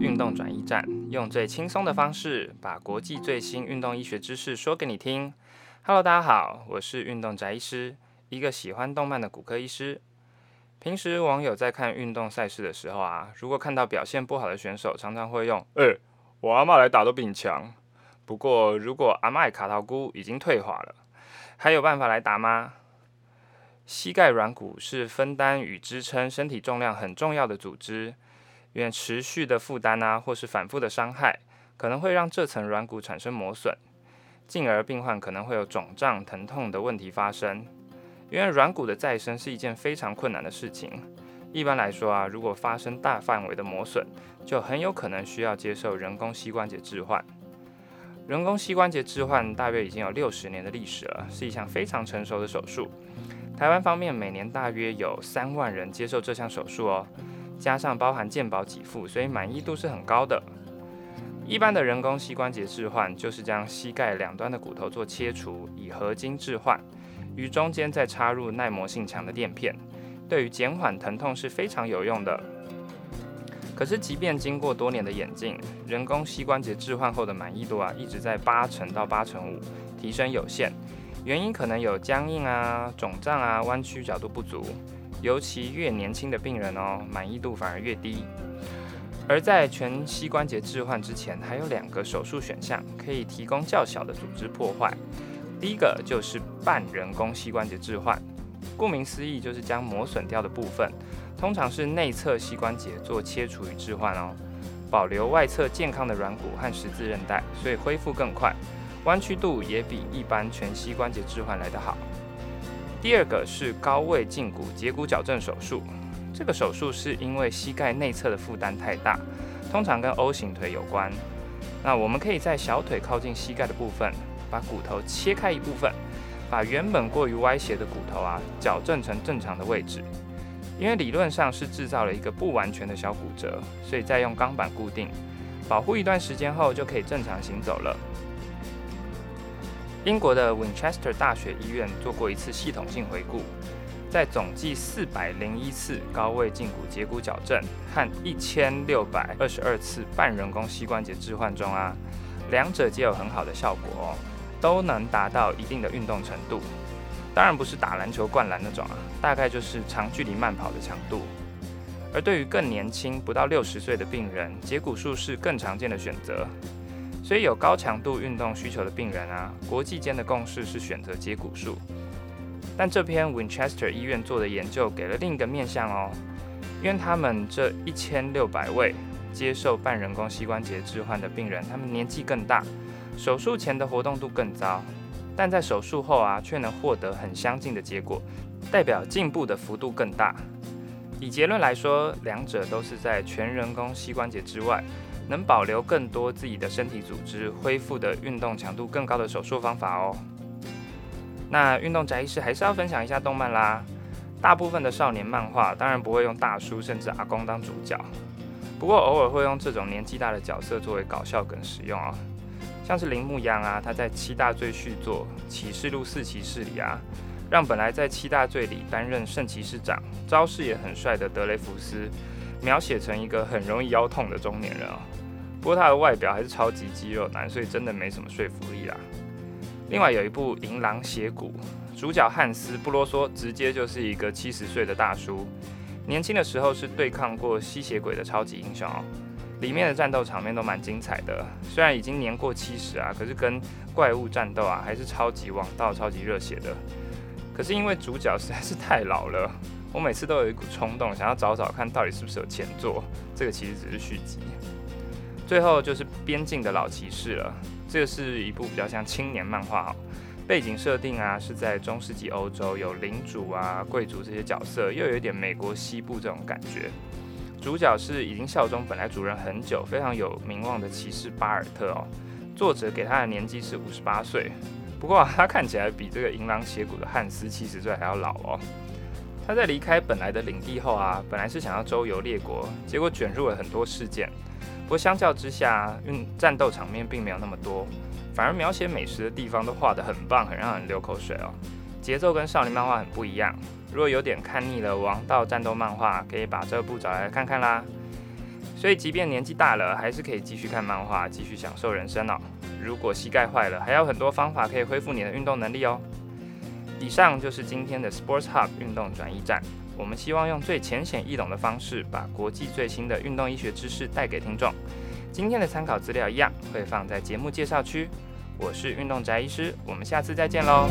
運動轉移站，用最輕鬆的方式把國際最新運動醫學知識說給你聽。Hello，大家好，我是運動宅醫師，一個喜歡動漫的骨科醫師。平時網友在看運動賽事的時候啊，如果看到表現不好的選手，常常會用，呃、欸，我阿嬤來打都比你強。不過，如果阿嬤的卡套菇已經退化了，還有辦法來打嗎？膝蓋軟骨是分擔與支撐身體重量很重要的組織。因為持續的負擔啊，或是反覆的傷害，可能會讓這層軟骨產生磨損，進而病患可能會有腫脹、疼痛的問題發生。因為軟骨的再生是一件非常困難的事情，一般來說啊，如果發生大範圍的磨損，就很有可能需要接受人工膝關節置換。人工膝關節置換大約已經有六十年的歷史了，是一項非常成熟的手術。台灣方面每年大約有三萬人接受這項手術哦。加上包含健保給付，所以滿意度是很高的。一般的人工膝關節置換就是將膝蓋兩端的骨頭做切除，以合金置換，於中間再插入耐磨性強的墊片，對於減緩疼痛是非常有用的。可是，即便經過多年的演進，人工膝關節置換後的滿意度啊，一直在八成到八成五，提升有限。原因可能有僵硬啊、腫脹啊、彎曲角度不足。尤其越年輕的病人哦，滿意度反而越低。而在全膝關節置換之前，還有兩個手術選項可以提供較小的組織破壞。第一個就是半人工膝關節置換，顧名思義就是將磨損掉的部分，通常是內側膝關節做切除與置換哦，保留外側健康的軟骨和十字韌帶，所以恢復更快，彎曲度也比一般全膝關節置換來得好。第二個是高位脛骨截骨矯正手術，這個手術是因為膝蓋內側的負擔太大，通常跟 O 型腿有關。那我們可以在小腿靠近膝蓋的部分把骨頭切開一部分，把原本過於歪斜的骨頭啊矯正成正常的位置。因為理論上是製造了一個不完全的小骨折，所以再用鋼板固定，保護一段時間後就可以正常行走了。英國的 Winchester 大學醫院做過一次系統性回顧，在總計四百零一次高位脛骨截骨矯正和一千六百二十二次半人工膝關節置換中啊，兩者皆有很好的效果，都能達到一定的運動程度，當然不是打籃球灌籃那種啊，大概就是長距離慢跑的強度。而對於更年輕、不到六十歲的病人，截骨術是更常見的選擇。所以有高強度運動需求的病人啊，國際間的共識是選擇截骨術。但這篇 Winchester 醫院做的研究給了另一個面向哦，因為他們這一千六百位接受半人工膝關節置換的病人，他們年紀更大，手術前的活動度更糟，但在手術後啊，卻能獲得很相近的結果，代表進步的幅度更大。以結論來說，兩者都是在全人工膝關節之外能保留更多自己的身體組織，恢復的運動強度更高的手術方法哦。那運動宅醫師還是要分享一下動漫啦。大部分的少年漫畫當然不會用大叔甚至阿公當主角，不過偶爾會用這種年紀大的角色作為搞笑梗使用啊、哦。像是鈴木央啊，他在《七大罪》續作《啟示錄四騎士》裡啊，讓本來在《七大罪》裡擔任聖騎士長，招式也很帥的德雷福斯，描寫成一個很容易腰痛的中年人哦。不過他的外表還是超級肌肉男，啊，所以真的沒什麼說服力啦，啊。另外有一部《銀狼血骨》，主角漢斯不囉嗦，直接就是一個七十歲的大叔。年輕的時候是對抗過吸血鬼的超級英雄哦。裡面的戰鬥場面都蠻精彩的，雖然已經年過七十啊，可是跟怪物戰鬥啊，還是超級王道、超級熱血的。可是因為主角實在是太老了，我每次都有一股衝動想要找找看到底是不是有前作。這個其實只是續集。最後就是邊境的老騎士了，這個是一部比較像青年漫畫、哦、背景設定啊是在中世紀歐洲，有領主啊、貴族這些角色，又有一點美國西部這種感覺。主角是已經效忠本來主人很久、非常有名望的騎士巴爾特哦。作者給他的年紀是五十八歲，不過、啊、他看起來比這個銀狼邪骨的漢斯七十歲還要老哦。他在離開本來的領地後啊，本來是想要周遊列國，結果捲入了很多事件。不過相較之下，運戰鬥場面並沒有那麼多，反而描寫美食的地方都畫得很棒，很讓人流口水哦。節奏跟少年漫畫很不一樣，如果有點看膩了王道戰鬥漫畫，可以把這部找來看看啦。所以即便年紀大了，還是可以繼續看漫畫，繼續享受人生哦。如果膝蓋壞了，還有很多方法可以恢復你的運動能力哦。以上就是今天的 Sports Hub 運動轉移站。我們希望用最淺顯易懂的方式，把國際最新的運動醫學知識帶給聽眾。今天的參考資料一樣會放在節目介紹區。我是運動宅醫師，我們下次再見嘍。